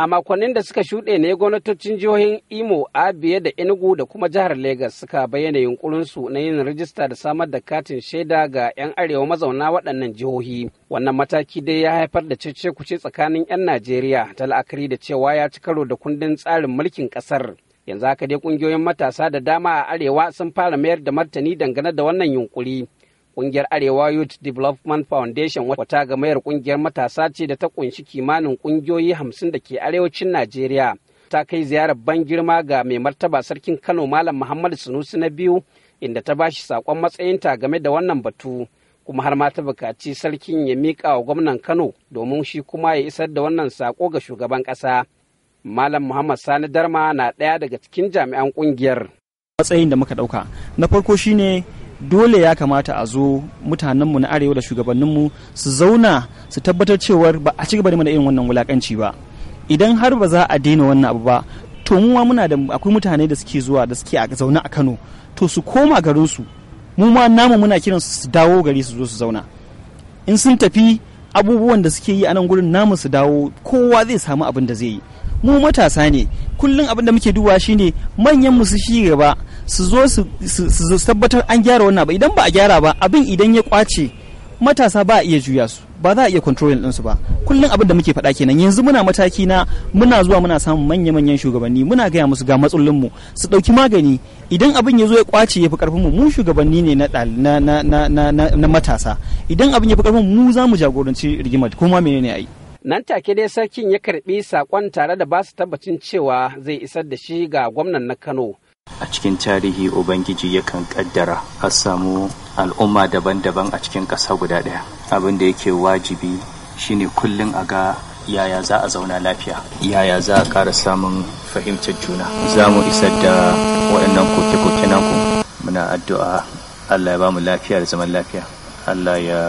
A makonnin da suka shuɗe ne gwamnatocin jihohin Imo, Abia da Enugu da kuma jihar Legas suka bayyana yunkurinsu na yin rajista da samar da katin shaida ga 'yan arewa mazauna waɗannan jihohi. Wannan mataki dai ya haifar da cece kuce tsakanin 'yan Najeriya ta la'akari da cewa ya ci karo da kundin tsarin mulkin ƙasar. Yanzu haka dai ƙungiyoyin matasa da dama a arewa sun fara mayar da martani dangane da wannan yunkuri. Kungiyar Arewa Youth Development Foundation wata gamayar kungiyar matasa ce da ta kunshi kimanin kungiyoyi hamsin da ke arewacin Najeriya. Ta kai ziyarar ban girma ga mai martaba sarkin Kano Malam Muhammadu Sunusi na biyu inda ta bashi sakon matsayinta game da wannan batu. kuma har ma ta bukaci sarkin ya miƙa wa gwamnan Kano domin shi kuma ya isar da wannan sako ga shugaban ƙasa. Malam Muhammad Sani Darma na ɗaya daga cikin jami'an ƙungiyar. Matsayin da muka ɗauka na farko shine dole ya kamata a zo mutanenmu na arewa da shugabanninmu su zauna su tabbatar cewar ba a ci gaba da irin wannan wulakanci ba idan har ba za a daina wannan abu ba to mu ma muna da akwai mutane da suke zuwa da suke a zaune a Kano to su koma garinsu mu ma namu muna kiran su dawo gari su zo su zauna in sun tafi abubuwan da suke yi a nan gurin namu su dawo kowa zai samu abin da zai yi mu matasa ne kullum abin da muke duba shine manyan mu su shi gaba su zo su tabbatar an gyara wannan ba idan ba a gyara ba abin idan ya kwace matasa ba a iya juya su ba za a iya controlling ɗinsu ba kullum abin da muke faɗa kenan yanzu muna mataki na muna zuwa muna samun manya-manyan shugabanni muna gaya musu ga matsalolin mu su ɗauki magani idan abin ya zo ya kwace ya fi mu mu shugabanni ne na matasa idan abin ya fi karfin mu za mu jagoranci rigimar ko ma menene ai nan take dai sarkin ya karbi sakon tare da basu tabbacin cewa zai isar da shi ga gwamnan na Kano a cikin tarihi ubangiji yakan kaddara a samu al'umma daban-daban a cikin ƙasa guda ɗaya abin da yake wajibi shine kullum a ga yaya za a zauna lafiya yaya za a ƙara samun fahimtar juna za mu isar da waɗannan koke-koke naku muna addu'a allah ya ba mu lafiya da zaman lafiya Allah ya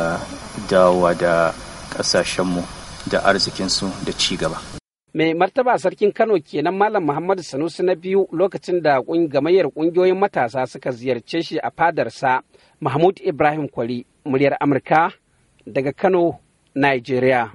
dawo da ƙasashenmu da arzikinsu da ci gaba. Mai martaba sarkin Kano kenan Malam Muhammadu Sanusi na biyu lokacin da gamayyar ƙungiyoyin matasa suka ziyarce shi a fadarsa Mahmud Ibrahim Kwari, muryar Amurka daga Kano, Nigeria.